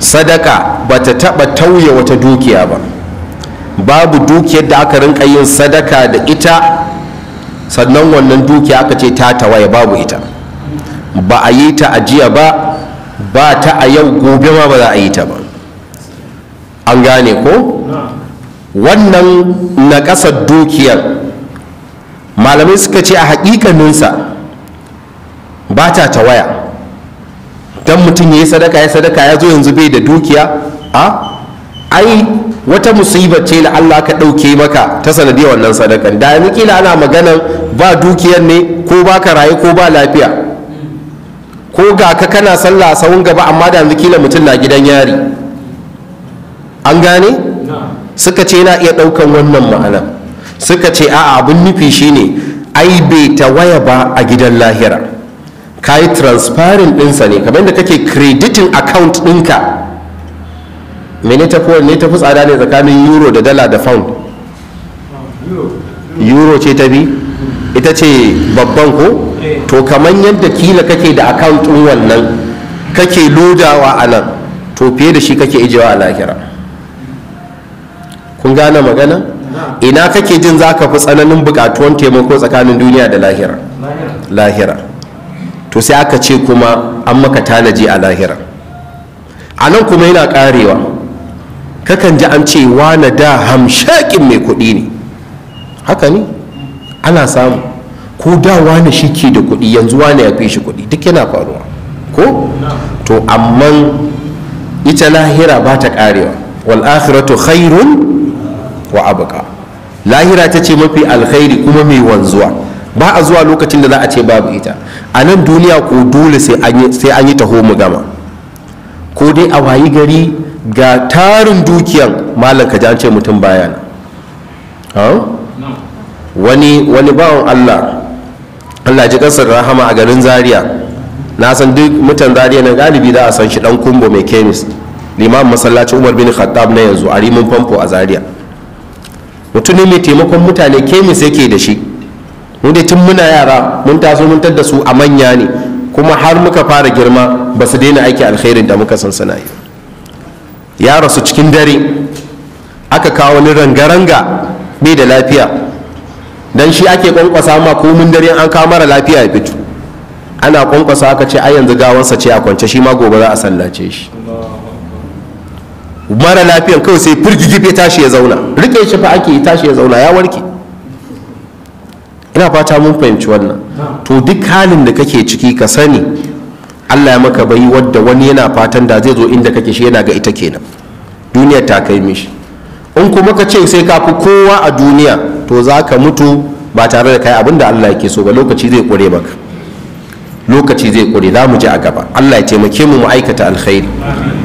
sadaka ba ta taɓa tauye wata dukiya ba babu dukiyar da aka rinka yin sadaka da ita sannan wannan dukiya aka ce ta tawaye babu ita ba a yi ta ajiya ba ba ta a yau gobe ma ba za a yi ta ba an gane ko wannan na ƙasar dukiyar malamai suka ce a haƙiƙaninsa ba ta tawaya dan mutum ya yi sadaka ya sadaka ya zo yanzu bai da dukiya a ai wata musibar ce da Allah ka ɗauke maka ta sanadiyar wannan sadakan. da yanzu kila ana maganan ba dukiyar ne ko ba ka raye ko ba lafiya ko ga ka kana sallah sawun gaba amma da yanzu kila mutum na gidan yari an gane suka ce na iya ɗaukan wannan ma'ana suka ce a'a abin nufi shine ai bai ta waya ba a gidan lahira ka yi transparent ɗinsa ne kamar yadda kake kreditin account ɗinka mene ta fi ne tafi tsada ne tsakanin euro da dala da pound euro ce ta bi ita ce babban ko to kamar yadda kila kake da account ɗin wannan kake lodawa a nan to fiye da shi kake ijewa a lahira kun gane magana ina kake jin za ka fi tsananin bukatuwan taimako tsakanin duniya da lahira lahira to sai aka ce kuma an maka tanaji a lahira a nan kuma yana karewa kakan ji an ce wane da hamshakin mai kuɗi ne haka ne ana samu ko da wane shi ke da kuɗi yanzu wane ya fi shi kuɗi duk yana faruwa ko to amma ita lahira ba ta karewa wal akhiratu khairun wa abqa lahira ta ce mafi alkhairi kuma mai wanzuwa ba a zuwa lokacin da za a ce babu ita a nan duniya ko dole sai an yi taho mu gama ko dai a wayi gari ga tarin dukiyan malam ka an ce mutum baya wani wani bawan allah allah ji kasar rahama a garin zaria na san duk mutan zariya na galibi za a san shi dan kumbo mai kemis liman masallacin umar bin khattab na yanzu a rimin famfo a zariya mutum ne mai taimakon mutane kemis yake da shi mu dai tun muna yara mun taso mun tadda su a manya ne kuma har muka fara girma ba su daina aiki alkhairin da muka san sana'i ya rasu cikin dare aka kawo wani rangaranga bai da lafiya dan shi ake kwankwasa ma komin dare an kawo mara lafiya ya fito ana kwankwasa aka ce ai yanzu gawansa ce a kwance shi ma gobe za a sallace shi mara lafiyan kawai sai bai tashi ya zauna rike shi fa ake tashi ya zauna ya warke ina fata mun fahimci wannan to duk halin da kake ciki ka sani allah ya maka bai wadda wani yana fatan da zai zo inda kake shi yana ga ita kenan duniya ta kai mishi in kuma ka ce sai ka fi kowa a duniya to za ka mutu ba tare da kai abin da allah yake so ba lokaci zai kure maka lokaci zai kure za mu je a gaba allah ya taimake mu mu aikata alkhairi